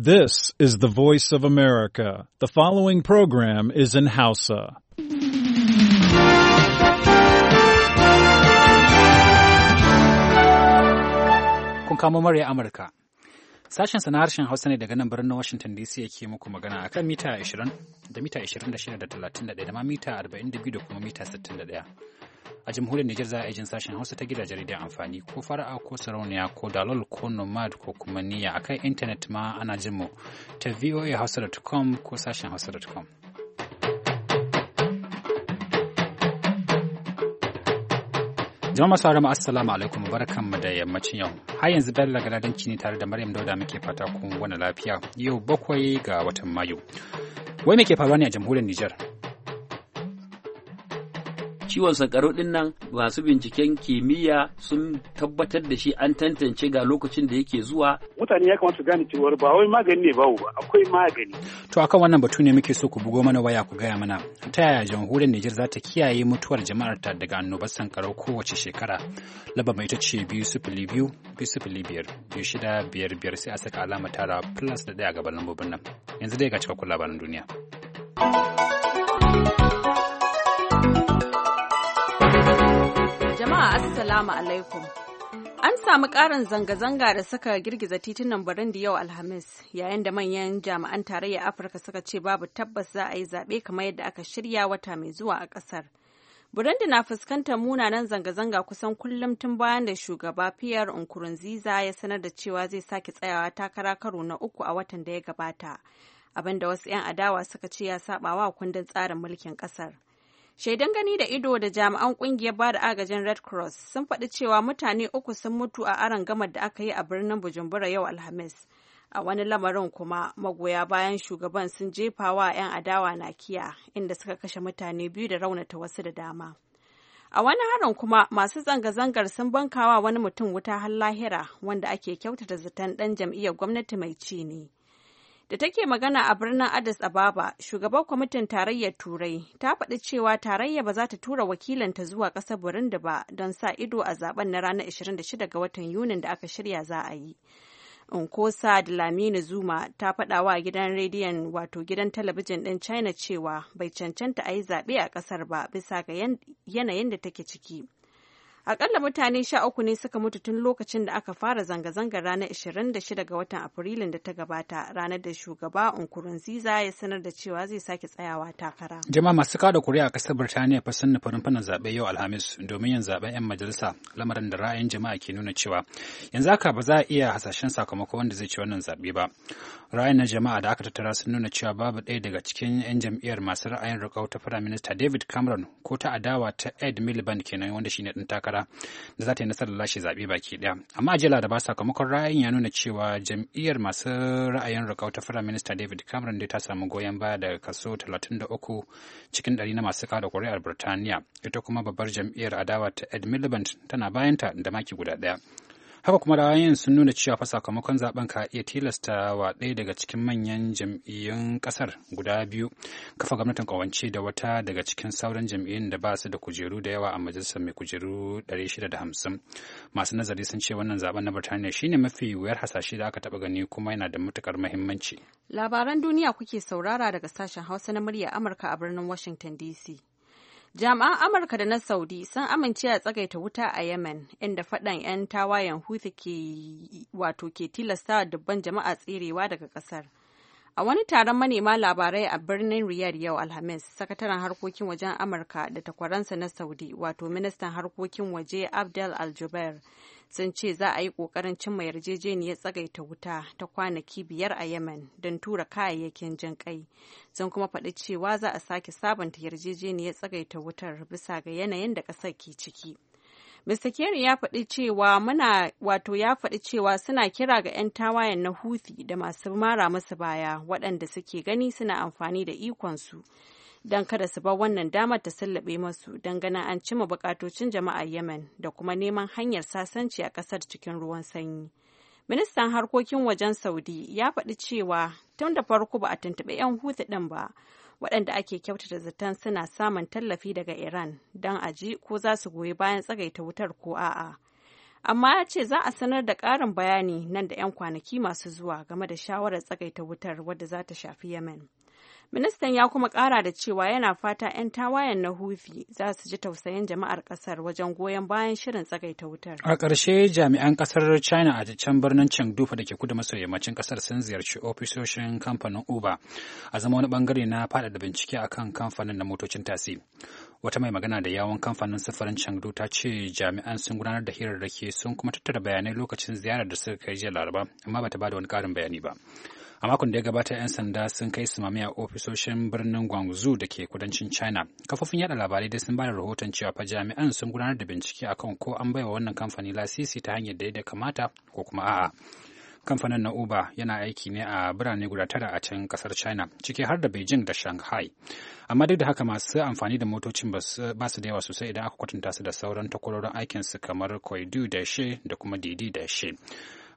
This is the voice of America. The following program is in Hausa. Kun kamo murya Amurka. Sashen na harshen Hausa ne daga nan birnin Washington DC yake muku magana akan mita 20 da mita 26 da 31 da ma mita 42 da kuma mita 61. a jamhuriyar Nijar za a jin sashen Hausa ta gida rediyon amfani ko fara'a ko sarauniya ko dalol ko nomad ko kuma niyya akan intanet ma ana jin mu ta voahausa.com ko sashen hausa.com. jama'a masu haramu assalamu alaikum mu da yammacin yau har yanzu bello galadanci ne tare da maryam dauda muke fata kun wani lafiya yau bakwai ga watan mayu wai me ke faruwa ne a jamhuriyar nijar ciwon sankarau din nan masu binciken kimiyya sun tabbatar da shi an tantance ga lokacin da yake zuwa mutane ya kamata su gane cewa ba wai magani ne ba akwai magani to akan wannan batu ne muke so ku bugo mana waya ku gaya mana ta yaya jamhuriyar Nijar za ta kiyaye mutuwar jama'ar ta daga annobar sankarau kowace shekara laba mai ta ce biyu sifili biyu biyu sifili biyar biyu shida biyar biyar sai a saka alama tara plus da daya gaban lambobin nan yanzu dai ga cikakkun labaran duniya. Assalamu alaikum. An samu ƙarin zanga-zanga da suka girgiza titunan Burundi yau Alhamis, yayin da manyan jami'an tarayyar Afirka suka ce babu tabbas za a yi zaɓe kamar yadda aka shirya wata mai zuwa a ƙasar. Burundi na fuskantar munanan zanga-zanga kusan kullum tun bayan da shugaba Pierre Nkurunziza ya sanar da cewa zai sake tsayawa takara karo na uku a watan da ya gabata, abinda wasu 'yan adawa suka ce ya saɓawa kundin tsarin mulkin ƙasar. Shaidan gani da ido da jami'an kungiyar ba da agajin Red Cross sun faɗi cewa mutane uku sun mutu a aron gamar da aka yi a birnin Bujumbura yau Alhamis. A wani lamarin kuma magoya bayan shugaban sun jefa wa 'yan adawa na kiya inda suka kashe mutane biyu da raunata wasu da dama. A wani harin kuma masu zanga-zangar sun bankawa wani mutum wuta har lahira wanda ake kyautata zaton ɗan jam'iyyar gwamnati mai ci ne. Da take magana a birnin Addis Ababa, shugaban kwamitin tarayyar Turai ta faɗi cewa tarayya ba za ta tura wakilanta zuwa ƙasar Burundi ba don sa ido a zaben na ranar 26 ga watan Yunin da aka shirya za a yi. Nkosa lamini Zuma ta faɗa wa gidan rediyon wato gidan talabijin ɗin China cewa bai cancanta a yi zaɓe a ƙasar ba bisa ga yanayin da take ciki. Akalla mutane sha uku ne suka mutu tun lokacin da aka fara zanga-zangar ranar 26 ga watan Afrilun da ta gabata ranar da shugaba Nkurunziza ya sanar da cewa zai sake tsayawa takara. Jama'a masu kada kuri'a a kasar Birtaniya fa sun nufa rumfunan zaɓe yau Alhamis domin yin zaɓen 'yan majalisa lamarin da ra'ayin jama'a ke nuna cewa yanzu haka ba za a iya hasashen sakamako wanda zai ci wannan zaɓe ba. Ra'ayin na jama'a da aka tattara sun nuna cewa babu ɗaya daga cikin 'yan jam'iyyar masu ra'ayin rikau ta Firaminista David Cameron ko ta adawa ta Ed Miliband kenan wanda shine ɗan takara takara da za ta yi nasarar lashe zaɓe baki ɗaya. Amma a da ba sakamakon ra'ayin ya nuna cewa jam'iyyar masu ra'ayin rikau ta Firayim Minista David Cameron da ta samu goyon baya daga kaso da uku cikin ɗari na masu kada kuri'ar Birtaniya. Ita kuma babbar jam'iyyar adawa ta Ed Miliband tana bayanta da maki guda ɗaya. haka kuma ra'ayin sun nuna cewa fa sakamakon zaben ka iya tilasta wa ɗaya daga cikin manyan jam'iyyun ƙasar guda biyu kafa gwamnatin kawance da wata daga cikin sauran jam'iyyun da ba su da kujeru da yawa a majalisar mai kujeru 650 masu nazari sun ce wannan zaben na birtaniya shine mafi wuyar hasashe da aka taɓa gani kuma yana da matukar muhimmanci labaran duniya kuke saurara daga sashen hausa na murya amurka a birnin washington dc Jami'an Amurka da na Saudi sun amince a tsagaita wuta a Yemen, inda faɗan 'yan tawayen Houthi ke wato ke wa dubban jama'a tserewa daga ƙasar. A wani taron manema labarai a birnin Riyadh yau Alhamis, sakataren harkokin wajen Amurka da takwaransa na Saudi, wato ministan harkokin waje Abdel al sun ce za a yi ƙoƙarin cimma yarjejeniyar tsagaita wuta ta kwanaki biyar a yemen don tura kayayyakin jin kai sun kuma faɗi cewa za a sake sabunta yarjejeniyar tsagaita wutar bisa ga yanayin da ƙasar ke ciki Mr. Kerry ya faɗi cewa muna wato ya faɗi cewa suna kira ga 'yan tawayen na Houthi da masu mara musu baya waɗanda suke gani suna amfani da ikonsu don kada su bar wannan damar ta sallabe masu don ganin an cima bukatocin jama'a Yemen da kuma neman hanyar sasanci a kasar cikin ruwan sanyi. Ministan harkokin wajen Saudi ya faɗi cewa tun da farko ba a tuntuɓi 'yan hutu ɗin ba, waɗanda ake kyautata zaton suna samun tallafi daga Iran don a ji ko za su goyi bayan tsagaita wutar ko a'a. Amma ya ce za a sanar da ƙarin bayani nan da 'yan kwanaki masu zuwa game da shawarar tsagaita wutar wadda za ta shafi yamen. Ministan ya kuma kara da cewa yana fata 'yan tawayen na hufi za su ji tausayin jama'ar kasar wajen goyon bayan shirin tsagaita wutar. A ƙarshe jami'an kasar China a can birnin Chengdu da ke kudu maso yammacin ƙasar sun ziyarci ofisoshin kamfanin Uber a zama wani bangare na faɗaɗa bincike a kan kamfanin na motocin tasi. wata mai magana da yawon kamfanin sufurin Chengdu ta ce jami'an sun gudanar da hirarraki sun kuma tattara bayanai lokacin ziyarar da suka kai jiya laraba amma bata bada wani karin bayani ba a makon da ya gabata 'yan sanda sun kai sumame a ofisoshin birnin guangzhou da ke kudancin china kafofin yada labarai dai sun bada rahoton cewa fa jami'an sun gudanar da bincike akan ko an baiwa wannan kamfani lasisi ta hanyar da ya kamata ko kuma a'a kamfanin na uber yana aiki ne a birane guda tara a can kasar china ciki har da beijing da shanghai amma duk da haka masu amfani da motocin ba su da yawa sosai idan aka kwatanta su da sauran takwarorin aikinsu kamar kwaidu da she da kuma didi da she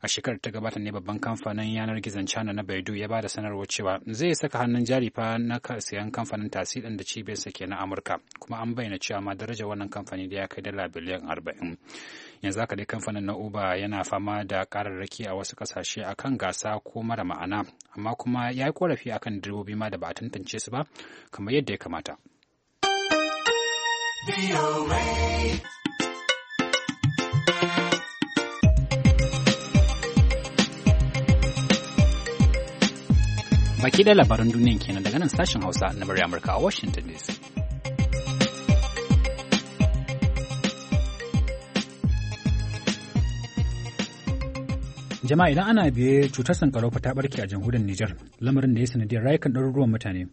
a shekarar ta gabata ne babban kamfanin yanar gizon china na baidu ya ba da sanarwar cewa zai saka hannun jari fa na siyan kamfanin tasi ɗin da sa ke na amurka kuma an bayyana cewa ma darajar wannan kamfani da ya kai dala biliyan arba'in yanzu haka dai kamfanin na uber yana fama da kararraki a wasu kasashe akan gasa ko mara ma'ana amma kuma ya yi korafi akan direbobi ma da ba a tantance su ba kamar yadda ya kamata Baki da labaran duniyan kenan daga nan sashen Hausa na murya Amurka a Washington DC. Jama'a idan ana biye cutar sankarau ta barke a jamhuriyar Nijar, lamarin da ya sanadiyar rayukan ɗaruruwan mutane.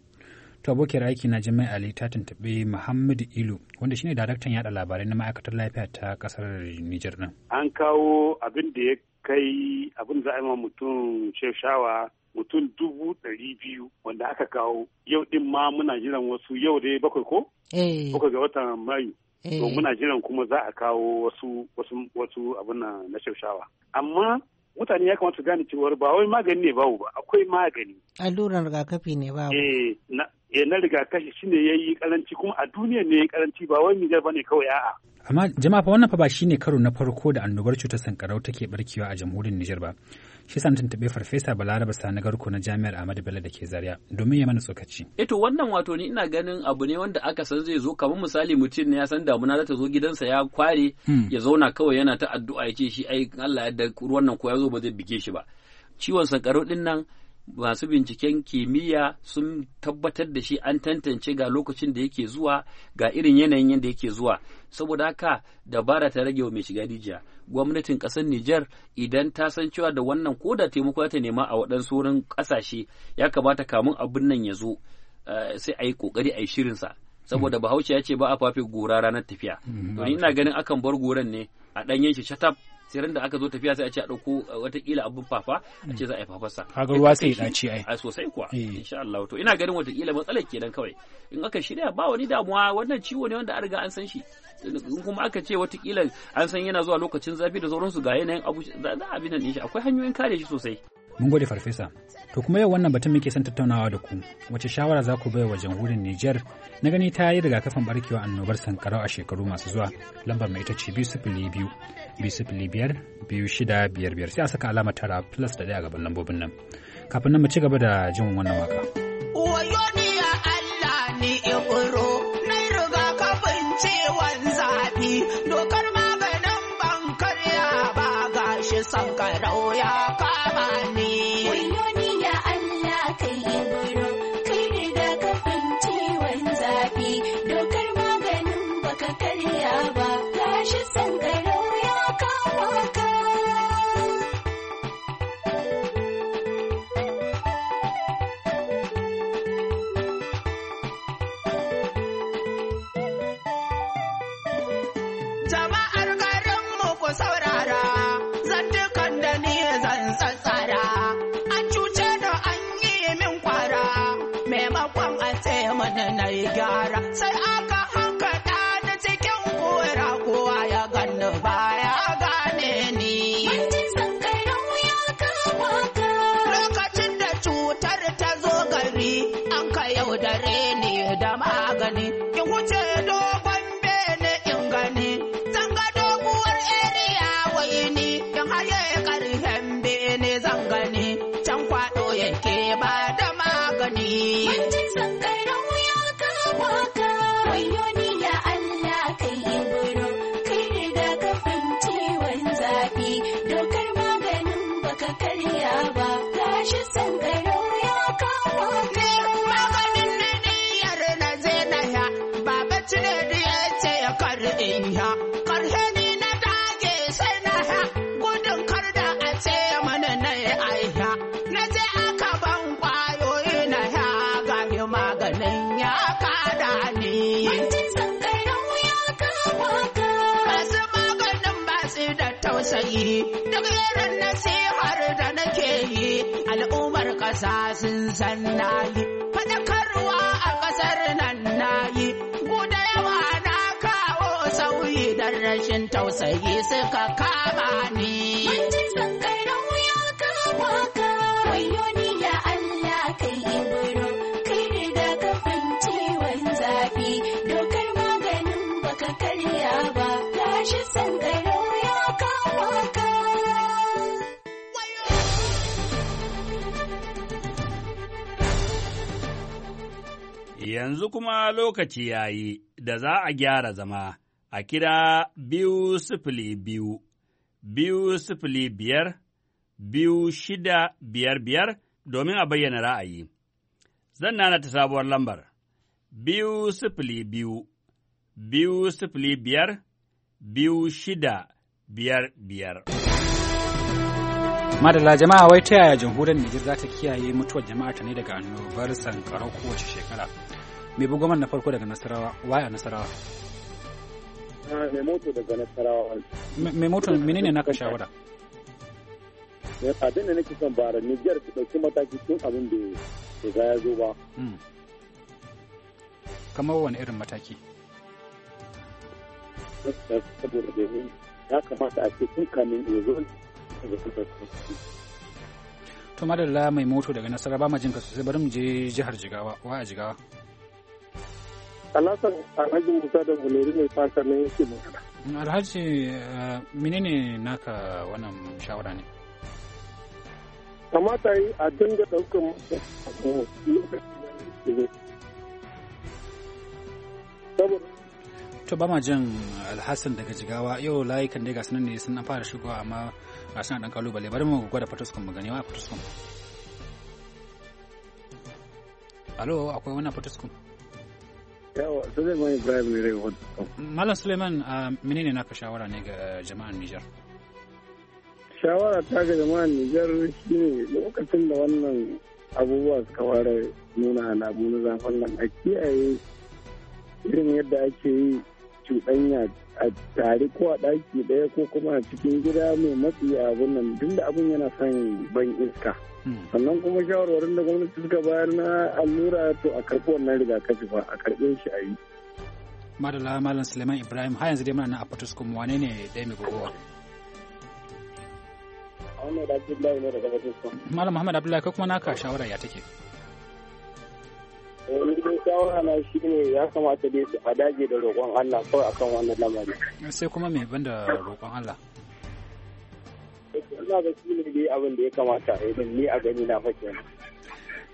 To abokiyar aiki na Jami'a Ali ta tuntuɓi Muhammadu Ilu wanda shine daraktan yada labarai na ma'aikatar lafiya ta ƙasar Nijar nan. An kawo abin da ya kai abin za a yi mutum shawa mutum dubu ɗari biyu wanda aka kawo yau ɗin ma muna jiran wasu yau dai bakwai ko? Eh. Bakwai ga watan Mayu. To eh. muna jiran kuma za a kawo wasu wasu abin na shaushawa. Amma mutane ya kamata su gane cewar ba wai magani ne babu ba akwai magani. Alluran rigakafi ne babu. Eh e na rigakafi shine yi karanci kuma a duniya ne yi karanci ba wai ba ne kawai a'a amma jama'a fa wannan fa ba shine karo na farko da annobar cutar sankarau take barkewa a jamhuriyar Nijar ba shi san tuntuɓe farfesa balaraba sani garko na jami'ar ahmadu bello da ke zaria domin ya mana tsokaci eto eh wannan wato ni ina ganin abu ne wanda aka san zai zo kamar misali mutum ne ya san damuna za ta zo gidansa ya kware hmm. ya zauna kawai yana ta addu'a ya ce shi ai allah yadda ruwan nan ko ya zo ba zai bige shi ba ciwon sankarau din nan masu binciken kimiyya sun tabbatar da shi an tantance ga lokacin da yake zuwa ga irin yanayin yadda yake zuwa saboda haka dabara ta rage wa mai shiga rijiya gwamnatin kasar Nijar idan ta san cewa da wannan koda taimako ta nema a waɗansu wurin ƙasashe ya kamata kamun abin nan ya zo eh, sai a yi ƙoƙari a yi shirinsa saboda bahaushe ya ce ba a fafe gora ranar tafiya mm-hmm. to ina ganin akan bar goran ne a ɗanyen shi shatap sai randa aka zo tafiya sai a ce a dauko eh, watakila abun fafa a ce za a yi fafarsa kaga ruwa sai ya ci ai sosai kuwa eh. insha Allah to ina ganin watakila matsalar kenan kawai in aka shirya ba wani damuwa wannan ciwo ne wanda an riga an san shi in kuma aka ce watakila an san yana zuwa lokacin zafi da sauransu ga yanayin abu za a bi nan shi akwai hanyoyin kare shi sosai Mun gode farfesa. To kuma yau wannan batun muke son tattaunawa da ku. Wace shawara za ku baiwa wurin Nijar na gani ta yi rigakafin barkewa annobar sankarau a shekaru masu zuwa. Lambar mai ita ce biyu sifili biyu, biyu sifili biyar, biyu shida biyar biyar. Sai a saka alamar tara plus da ɗaya a gaban lambobin nan. Kafin nan mu ci gaba da jin wannan waka. Wayo ni ya Allah ni gyara sai aka hankata da cikin kora kowa ya baya gane ni. Wanjin ya kama ka. Lokacin da cutar ta zo gari an ka yaudare ne da magani ki wuce do karya ba gashi san ƙasa sun san nayi faɗakarwa a ƙasar nan nayi guda yawa na kawo sauyi don rashin tausayi suka kama ni yanzu kuma lokaci ya yi da za a gyara zama a kira biyu sifili biyu, biyu sifili biyar, biyu shida biyar biyar domin a bayyana ra'ayi. Zan nana ta sabuwar lambar, biyu sifili biyu, biyu sifili biyar, biyu shida biyar biyar. madala jama'a wai ta yaya jamhuriyar Nijar za ta kiyaye mutuwar jama'a ta ne daga annobar sankarau kowace shekara mai bugoman na farko daga nasarawa waya nasarawa ah, mai moto daga nasarawa mai moto menene naka shawara eh, abin da nake son bara Niger su dauki mataki tun abin da ya ya zo ba hmm. kamar wani irin mataki ya kamata a ce tun kamin ya zo to madalla mai moto daga nasara ba majinka sosai bari mu je jihar jigawa wa a jigawa alasan alhaji musa da buleri ne fata na yake magana alhaji eh, menene naka wannan shawara ne kamata yi a dinga daukan to ba ma jin alhassan daga jigawa yau layukan dai gasu nan ne sun fara shigowa amma ga suna dan kalubale bari mu gwada fatuskun mu gani wa fatuskun alo akwai wannan fatuskun yawa suleiman ibrahim ne daga malam suleiman menene naka shawara ne ga jama'an nijar shawara ta ga jama'an nijar shine lokacin da wannan abubuwa suka fara nuna alamu na zafin nan a kiyaye irin yadda ake yi cuɗanya a tare ko a ɗaki ɗaya ko kuma a cikin gida mai matsi a abun nan duk da abun yana son ban iska sannan kuma shawarwarin da gwamnati suka bayar na allura to a karɓi wannan rigakafi ba a karɓe shi a yi madala malam suleiman ibrahim har yanzu dai muna nan a fatuskum wane ne ɗaya mai gogowa malam muhammad abdullahi kai kuma naka shawara ya take wani eh, shawara na shi ne ya kamata dai a dage da roƙon allah kawai akan wannan lamari sai kuma me banda roƙon allah tuma abin da ya kamata a eh, yi ni a gani na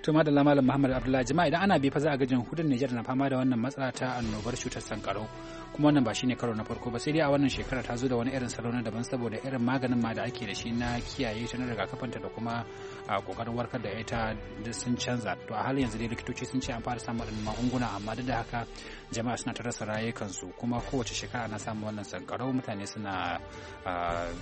to malam muhammad abdullahi jama'a idan ana bifa za a ga hudun nijar na fama da wannan matsala ta annobar cutar sankarau kuma wannan ba shi ne karo na farko ba sai dai a wannan shekara ta zo da wani irin salo na daban saboda irin maganin ma da ake da shi na kiyaye ta na rigakafinta da kuma a kokarin warkar da ita duk sun canza to a halin yanzu dai likitoci sun ce an fara samun magunguna amma duk da haka jama'a suna ta rasa rayukansu kuma kowace shekara na samun wannan sankarau mutane suna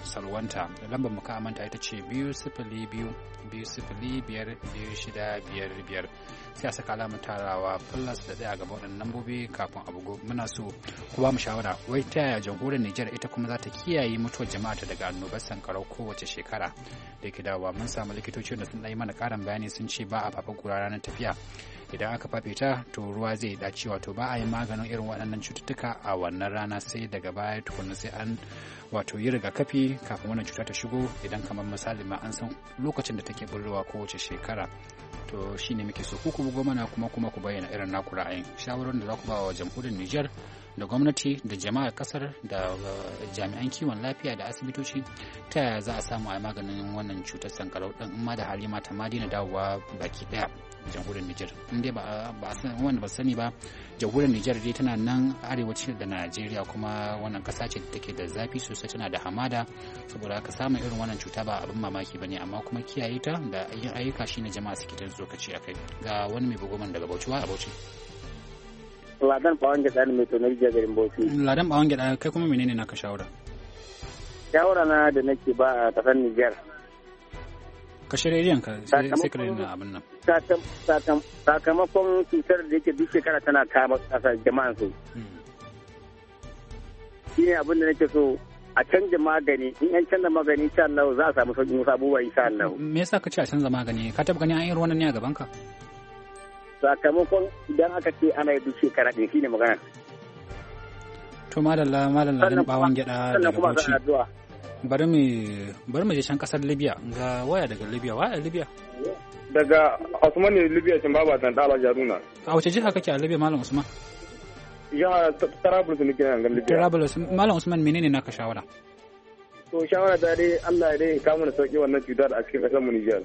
salwanta lambar muka manta ita ce biyu sifili biyu biyu sifili biyar biyu shida biyar biyar sai a saka alamun tarawa plus da ɗaya ga waɗannan lambobi kafin abu muna so ku ba mu shawara wai ta yaya jamhuriyar Nijar ita kuma za ta kiyaye mutuwar jama'a ta daga annobar sankarau kowace shekara da ke dawowa mun samu likitoci da sun ɗan mana ƙarin bayani sun ce ba a fafa gura ranar tafiya idan aka ta to ruwa zai dace wato ba a yi maganin irin waɗannan cututtuka a wannan rana sai daga baya tukunna sai an wato yi rigakafi kafin wannan cuta ta shigo idan kamar misali ma an san lokacin da take burrowa kowace shekara to shine muke so ku kuma na kuma kuma ku bayyana irin naku ra'ayin shawarar da za ku ba wa jamhuriyar Nijar da gwamnati da jama'ar kasar da jami'an kiwon lafiya da asibitoci ta yaya za a samu a maganin wannan cutar sankarau din ma da hali mata ma daina dawowa baki daya jamhuriyar Nijar in dai ba a wanda ba sani ba jamhuriyar Nijar dai tana nan arewacin da Najeriya kuma wannan kasa ce da take da zafi sosai tana da hamada saboda haka samun irin wannan cuta ba abin mamaki ne amma kuma kiyaye ta da yin ayyuka shine jama'a suke ta a akai ga wani mai bugoman daga Bauchi wa a Bauchi Ladan bawon gyaɗa ne mai tonar jiya garin Bauchi. Ladan bawon gyaɗa kai kuma menene naka shawara? Shawara na da nake ba a ƙasar Nijar. Ka shirya riyan ka sai ka rena abin nan. Sakamakon cutar da yake duk shekara tana kama ƙasa jama'an su. Hmm. Shi ne abin da nake so a canza magani in an canza magani insha Allah za a samu sauƙin wasu abubuwa insha Allah. Me yasa ka ce a canza magani ka taɓa ganin an yi ruwan ne a gaban ka? sakamakon idan aka ce ana yi duk shekara ɗaya shine magana to madalla da dan bawon gyada daga Bauchi bari mu bari mu je can kasar Libya ga waya daga Libya waya Libya daga Usman ne Libya can baba dan Dala Jaruna a wace jiha kake a Libya malam Usman jiha Trablus ne kenan ga Libya Trablus malam Usman menene naka shawara to shawara da dai Allah ya dai kamun sauki wannan cutar a cikin kasar mu Niger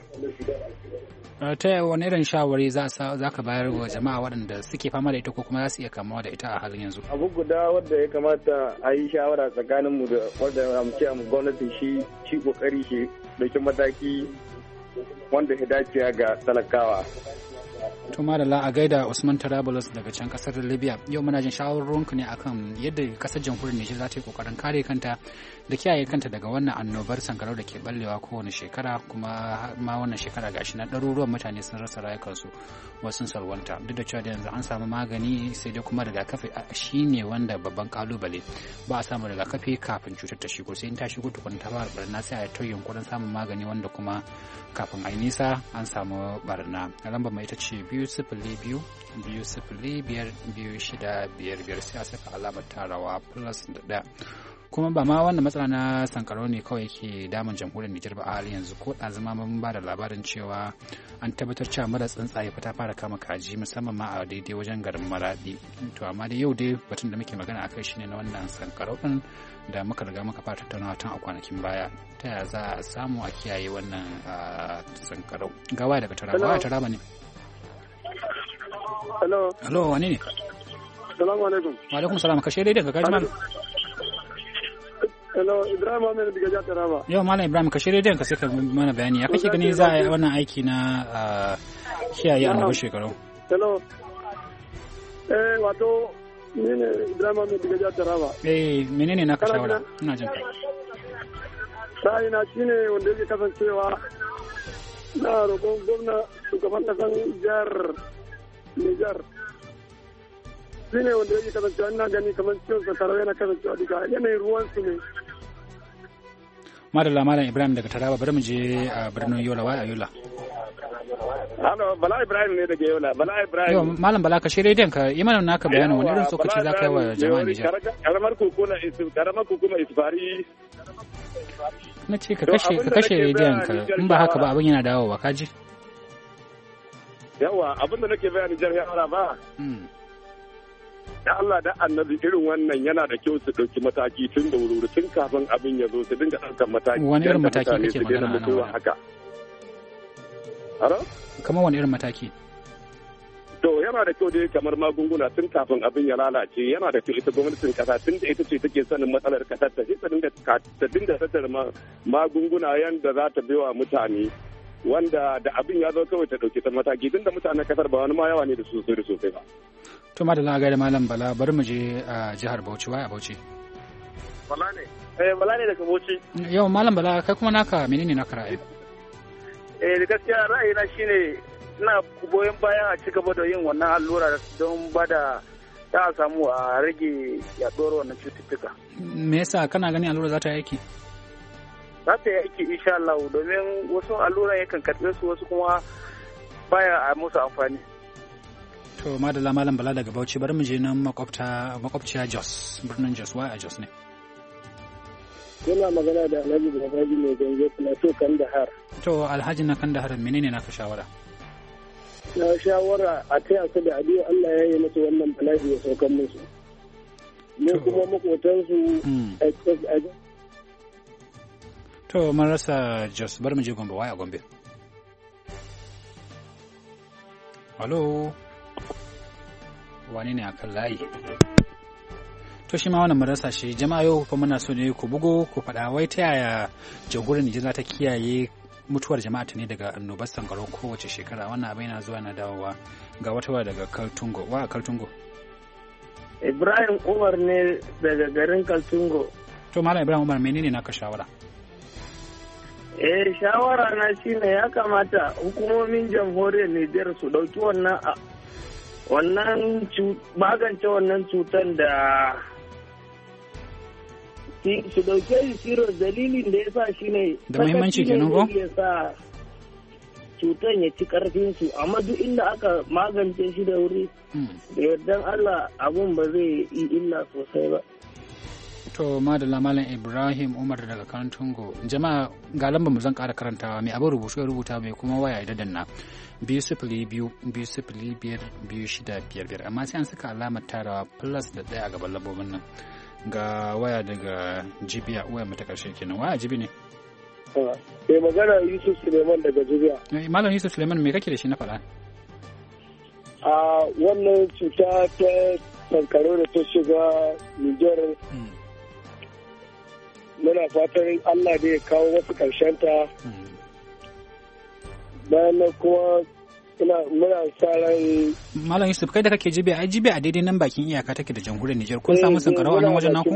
Uh, ta wani irin shawari za ka bayar wa jama'a waɗanda suke fama da ita ko kuma za su iya kamuwa da ita a halin yanzu abu guda wanda ya kamata a yi shawara tsakanin mu da wadda mu ce gwamnati shi shi kokari shi dauki mataki wanda ya dace ga talakawa tuma da la a gaida Usman Tarabalus daga can kasar Libya yau muna jin shawarwarinka ne akan yadda kasar jamhuriyar Nijar za ta yi kokarin kare kanta da kiyaye kanta daga wannan annobar sankarau da ke ballewa kowane shekara kuma ma wannan shekara gashi na ɗaruruwan mutane sun rasa rayukansu wasu salwanta duk da cewa da yanzu an samu magani sai dai kuma rigakafi shine wanda babban kalubale ba a samu rigakafi kafin cutar ta shigo sai in ta shigo tukun ta fara barna sai a yi ta kudin samun magani wanda kuma kafin a yi nisa an samu barna lambar mai ita ce biyu sifili biyu biyu sifili biyar biyu shida biyar biyar sai a saka alamar tarawa plus da ɗaya kuma ba ma wannan matsala na sankaro ne kawai ke damun jamhuriyar Nijar ba a hali yanzu ko zama mun ba da labarin cewa an tabbatar cewa mara tsuntsaye fa ta fara kama kaji musamman ma a daidai wajen garin Maradi to amma dai yau dai batun da muke magana akai shine na wannan sankaro din da muka riga muka fara tattaunawa tun a kwanakin baya ta yaya za a samu a kiyaye wannan ga waya daga Taraba gawa Taraba ne Hello Hello wani ne Assalamu alaikum Wa alaikum salam kashe daidai daga gaji Hello, Ibrahim Ahmed daga jihar Taraba. Yau Malam Ibrahim ka shirya ka sai ka mana bayani. Ya kake ganin za a yi wannan aiki na kiyaye annobar shekaru? Hello. Eh, wato ni ne Ibrahim Ahmed daga jihar Taraba. Eh, ne na ka shawara? Ina jin ka. Sai na shine wanda yake kasancewa na roƙon gwamna shugaban kasan jihar Nijar. Shi ne wanda yake kasancewa ina gani kamar ciwon sassarau yana kasancewa duka yanayin ruwan su ne. madalla malam ibrahim daga taraba bari mu je a birnin yola wa yola Halo, Bala Ibrahim ne daga Yola, Bala Ibrahim. Yo Malam Bala ka shirye idanka, yi mana naka bayanin wani irin tsokaci za ka yi wa jama'a Nijar. Karamar isu karamar kukuna isfari. Na ce ka kashe ka kashe rediyonka, in ba haka ba abin yana dawowa, ka ji? Yawa, abin da nake bayani jar yara ba. Hmm. da Allah da annabi irin wannan yana da kyau su ɗauki mataki tun da wuri tun kafin abin ya zo su dinga ɗaukar mataki wani irin mataki kake magana ana wani haka kamar wani irin mataki to yana da kyau dai kamar magunguna tun kafin abin ya lalace yana da kyau ita gwamnatin kasa tun da ita ce take sanin matsalar kasar ta ta dinga ma magunguna yanda za ta baiwa mutane wanda da abin ya zo kawai ta ɗauki ta mataki tun da mutanen kasar ba wani ma yawa ne da sosai da sosai ba to madalla a da malam bala bari mu je a jihar bauchi wai a bauchi bala ne eh bala ne daga bauchi yau malam bala kai kuma naka menene naka ra'ayi eh gaskiya ra'ayi na shine ina goyon bayan a ci gaba da yin wannan allura don bada ta a samu a rage yaduwar wannan cututtuka. Me yasa kana ganin allura za ta yi aiki? Za ta yi aiki insha Allah domin wasu allura yakan karbe su wasu kuma baya a musu amfani. To madalla malam Bala daga Bauchi bari mu je nan makwabta makwabciya Jos birnin Jos wa a Jos ne. Kuna magana da Alhaji Alhaji mai ganje na so Kandahar. To Alhaji na Kandahar menene naka shawara? Na shawara a taya su da addu'a Allah ya yi musu wannan bala'i ya saukan musu. Ne kuma makotansu hmm. a To mun rasa Jos bari mu je Gombe a Gombe. Hello. wani ne akan layi to shi ma wannan marasa shi jama'a yau kuma muna so ne ku bugo ku faɗa wai ta yaya jamhuriyar Nijar za ta kiyaye mutuwar jama'a ta ne daga annobar sankarau kowace shekara wannan abin yana zuwa na dawowa ga wata daga Kaltungo wa Kaltungo Ibrahim Umar ne daga garin Kaltungo to malam Ibrahim Umar menene naka shawara eh shawara na shine ya kamata hukumomin jamhuriyar Nijar su dauki wannan wannan magance wannan cutar da su dauke shi siro dalilin da ya sa shi ne da mahimmanci kenan ko ya sa cutar ya ci karfin su amma duk inda aka magance shi da wuri hmm. da yardan Allah abun ba zai yi illa sosai ba to madalla malam ibrahim umar daga kantungo jama'a ga lambar mu zan kara karantawa mai abin rubutu ya rubuta mai kuma waya idan na biyu sifili biyu biyu sifili biyar biyu shida biyar biyar amma sai an saka alamar tarawa plus da ɗaya a gaban lambobin nan ga waya daga jibiya waya mata ƙarshe kenan waya jibi ne. Mai eh, eh, magana Yusuf Suleiman daga Jibiya. Eh, Malam Yusuf Suleiman me kake da shi na faɗa? A ah, wannan cuta ta sankaro da ta shiga Nijar hmm. muna fatan Allah da ya kawo wasu ƙarshenta hmm. bayan na kuma muna sa ran Malam Yusuf kai da kake jibi ai jibi a daidai nan bakin iyaka take da jamhuriyar Nijar kun eh, samu sankarau a nan wajen naku?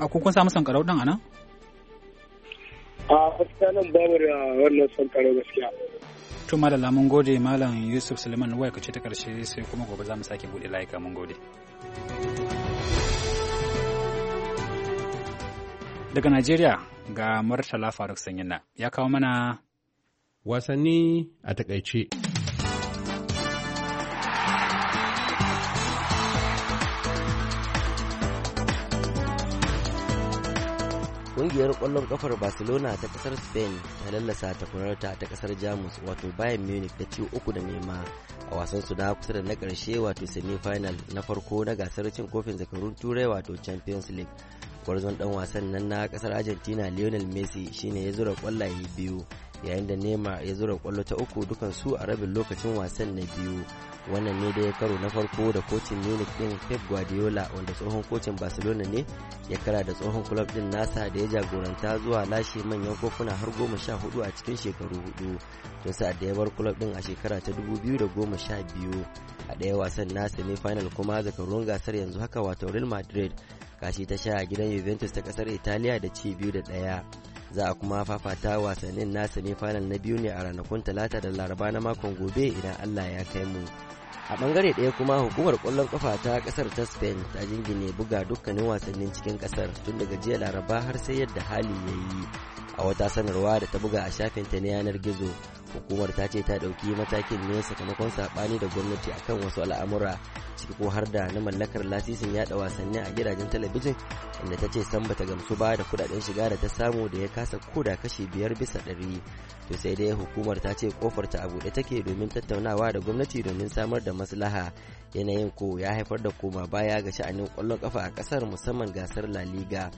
A ku kun samu sankarau din a nan? A gaskiya nan ba da wannan sankarau gaskiya. To malala mun gode Malam Yusuf Suleiman waya kace ta karshe sai kuma gobe za mu sake bude layuka mun gode. Daga Najeriya ga martala Faruk Sanyina ya kawo mana wasanni a takaice. Ƙungiyar ƙwallon ƙafar Barcelona ta ƙasar Spain ta lallasa takwararta ta ƙasar Jamus wato Bayern Munich da ci uku da nema a wasan su da kusa da na ƙarshe wato semi-final na farko na gasar cin kofin zakarun Turai wato Champions League. gwarzon dan wasan nan na kasar argentina lionel messi shine ya zura kwallaye biyu yayin da nema ya zura kwallo ta uku dukan su a rabin lokacin wasan na biyu wannan ne da ya karo na farko da kocin munich din pep guardiola wanda tsohon kocin barcelona ne ya kara da tsohon club din nasa da ya jagoranta zuwa lashe manyan kofuna har goma sha hudu a cikin shekaru hudu tun sa'ad da ya bar club din a shekara ta dubu biyu da goma sha biyu a daya wasan nasa ne final kuma zakarun gasar yanzu haka wato real madrid kashi ta sha a gidan Juventus ta kasar Italiya da ci biyu da ɗaya. Za a kuma fafata wasannin nasa ne final na biyu ne a ranakun talata da laraba na makon gobe idan Allah ya kai mu. A ɓangare ɗaya kuma hukumar ƙwallon ƙafa ta ƙasar ta Spain ta jingine buga dukkanin wasannin cikin ƙasar tun daga jiya laraba har sai yadda hali ya yi. a wata sanarwa da ta buga a shafinta na yanar gizo hukumar ta ce ta ɗauki matakin ne sakamakon saɓani da gwamnati akan wasu al'amura ciki ko har da na mallakar lasisin yada wasanni a gidajen talabijin inda ta ce san bata gamsu ba da kudaden shiga da ta samu da ya kasa koda kashi biyar bisa ɗari to sai dai hukumar ta ce kofar ta a buɗe take domin tattaunawa da gwamnati domin samar da maslaha yanayin ko ya haifar da koma baya ga sha'anin kwallon kafa a ƙasar musamman gasar la liga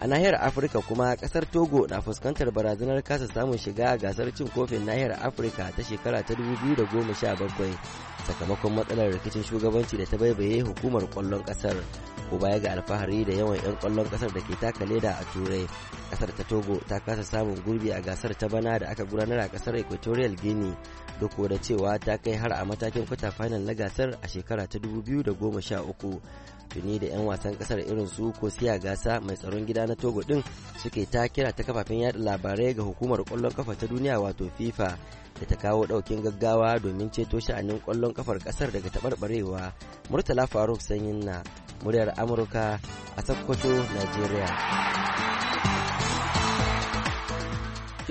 a nahiyar afirka kuma kasar togo na fuskantar barazanar kasa samun shiga a gasar cin kofin nahiyar afirka ta shekara ta 2017 sakamakon matsalar rikicin shugabanci da ta baibaye hukumar kwallon kasar ko baya ga alfahari da yawan 'yan kwallon kasar da ke taka leda a turai kasar ta togo ta kasa samun gurbi a gasar ta bana da aka gudanar a kasar equatorial guinea duk da cewa ta kai har a matakin kwata final na gasar a shekara ta 2013 tuni da 'yan wasan kasar irin su kosiya gasa mai tsaron gida na togo din suke ta kira ta kafafen yada labarai ga hukumar kwallon kafa ta duniya wato fifa da ta kawo daukin gaggawa domin ceto sha'anin kwallon kafar kasar daga taɓarɓarewa murtala faruk sanyin na muryar amurka a sokoto nigeria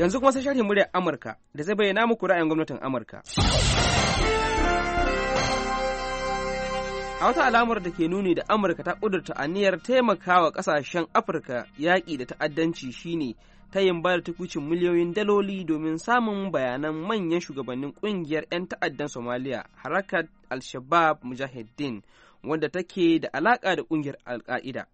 yanzu kuma sai sharhin muryar amurka da zai bayyana muku ra'ayin gwamnatin amurka a wata alamar da ke nuni da amurka ta ƙudurta aniyar taimakawa ƙasashen afirka yaƙi da ta'addanci shine ta yin bayar tukucin miliyoyin daloli domin samun bayanan manyan shugabannin ƙungiyar 'yan ta'addan somaliya harakat al-shabab mujahideen wanda take da alaƙa da ƙungiyar al-qa'ida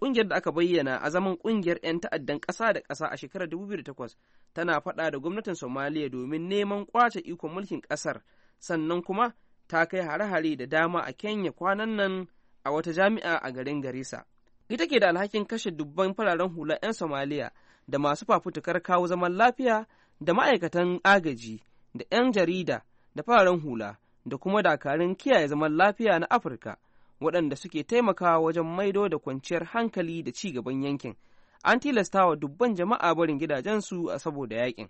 ƙungiyar da aka bayyana a zaman ƙungiyar 'yan ta'addan ƙasa da ƙasa a shekarar 2008 tana faɗa da gwamnatin somaliya domin neman ƙwace ikon mulkin ƙasar sannan kuma ta kai hare-hare da dama a Kenya kwanan nan a wata jami'a a garin Garissa. Ita ke da alhakin kashe dubban fararen hula 'yan Somaliya da masu fafutukar kawo zaman lafiya da ma'aikatan agaji da 'yan jarida da fararen hula da kuma dakarun kiyaye zaman lafiya na Afirka waɗanda suke taimakawa wajen maido da kwanciyar hankali da ci gaban yankin. An tilasta wa dubban jama'a barin gidajensu a saboda yakin.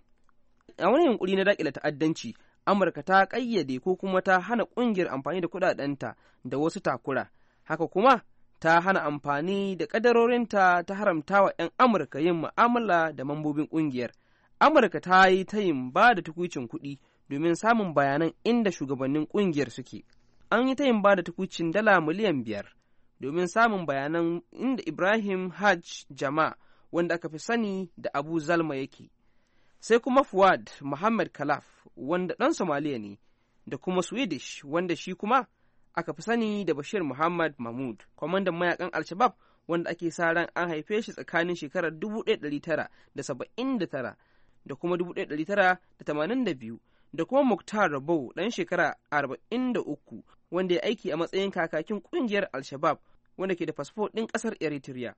A wani yunkuri na daƙila ta'addanci, amurka ta ƙayyade ko kuma ta hana ƙungiyar amfani da kuɗaɗenta da wasu takura haka kuma ta hana amfani da ƙadarorinta ta haramta wa 'yan amurka yin mu'amala da mambobin ƙungiyar amurka ta yi tayin ba da tukucin kuɗi domin samun bayanan inda shugabannin ƙungiyar suke an yi tayin ba da tukucin dala miliyan biyar domin samun bayanan inda ibrahim hajj jama wanda aka fi sani da abu zalma yake sai kuma fuad muhammad kalaf wanda ɗan Somaliya ne, da kuma Swedish wanda shi kuma aka fi sani da Bashir Muhammad Mahmud, kwamandan mayakan Al-Shabab wanda ake sa ran an haife shi tsakanin shekarar 1979 da kuma 1982 da kuma Muktar Rabo ɗan shekara 43 wanda ya aiki a matsayin kakakin ƙungiyar Al-Shabab wanda ke da fasfo ɗin ƙasar Eritrea.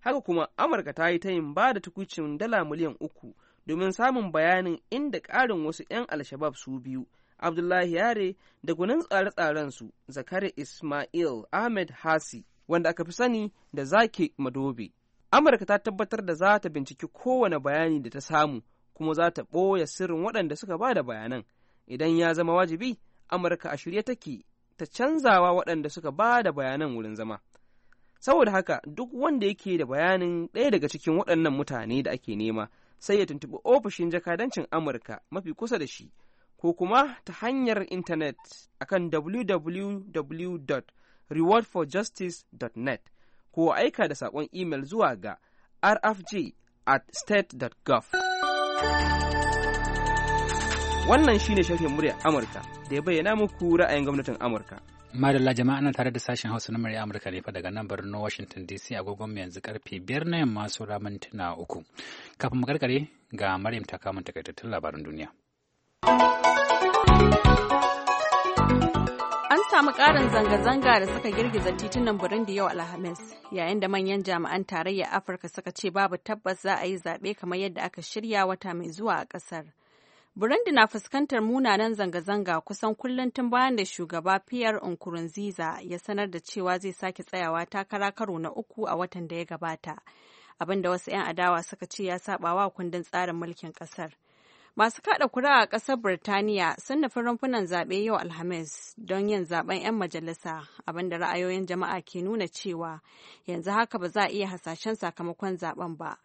Haka kuma Amurka ta yi tayin ba da tukucin dala miliyan uku domin samun bayanin inda ƙarin wasu 'yan alshabab su biyu abdullahi yare da gunin tsare-tsaren su zakari ismail ahmed hasi wanda aka fi sani da zaki madobe amurka ta tabbatar da za ta binciki kowane bayani da ta samu kuma za ta ɓoye sirrin waɗanda suka ba da bayanan idan ya zama wajibi amurka a shirye take ta canzawa waɗanda suka ba da bayanan wurin zama saboda haka duk wanda yake da bayanin ɗaya daga cikin waɗannan mutane da ake nema sai ya tuntuɓi ofishin jakadancin Amurka mafi kusa da shi ko kuma ta hanyar intanet akan www.rewardforjustice.net ko aika da saƙon imel zuwa ga rfg at state.gov. Wannan shine shafin murya Amurka da ya bayyana muku ra'ayin gwamnatin Amurka. Madalla jama'a na tare da sashen Hausa na murya Amurka ne fa daga nan birnin Washington DC agogon mu yanzu karfe biyar na yamma su sura mintuna uku. Kafin mu karkare ga Maryam ta kamun takaitattun labarin duniya. An samu ƙarin zanga-zanga da suka girgiza titunan Burundi yau Alhamis, yayin da manyan jami'an tarayya Afirka suka ce babu tabbas za a yi zaɓe kamar yadda aka shirya wata mai zuwa a ƙasar. Burundi na fuskantar munanan zanga-zanga kusan kullum tun bayan da shugaba Pierre Nkurunziza ya sanar da cewa zai sake tsayawa takara karo na uku a watan da ya gabata. Abin da wasu 'yan adawa suka ce ya saba wa kundin tsarin mulkin kasar. Masu kada kura a ƙasar Birtaniya sun nufi rumfunan zaɓe yau Alhamis don yin zaɓen 'yan majalisa, abinda ra'ayoyin jama'a ke nuna cewa yanzu haka ba za a iya hasashen sakamakon zaɓen ba.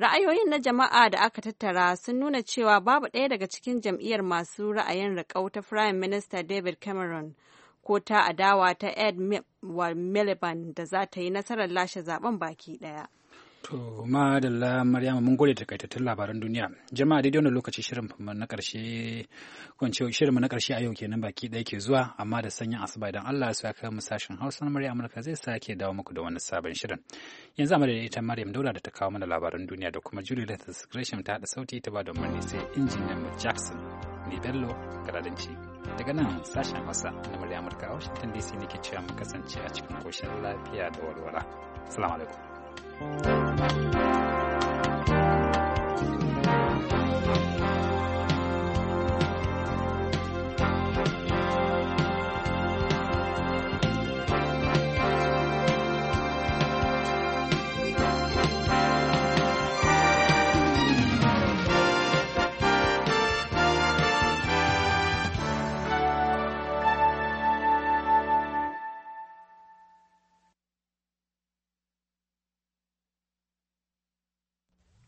Ra'ayoyin na jama'a da aka tattara sun nuna cewa babu ɗaya daga cikin jam'iyyar masu ra'ayin riƙau ta Firayim Minista David Cameron ko ta adawa ta Ed Miliband da za ta yi nasarar lashe zaben baki ɗaya. To, madalla Maryama mun gode takaitattun labaran duniya. Jama'a daidai wannan lokaci shirin na karshe kwance shirin na karshe a yau kenan baki ɗaya ke zuwa amma da sanyin asuba idan Allah ya kai mu sashen Hausa na Maryam Amurka zai sake dawo muku da wani sabon shirin. Yanzu amma da ita Maryam dola da ta kawo mana labaran duniya da kuma Julie Lathis Gresham ta haɗa sauti ta ba da umarni sai injiniyan Jackson ne Bello Galadanci. Daga nan sashen Hausa na Maryam Amurka a Washington DC ke cewa mu kasance a cikin koshin lafiya da walwala. Assalamu alaikum. Thank you.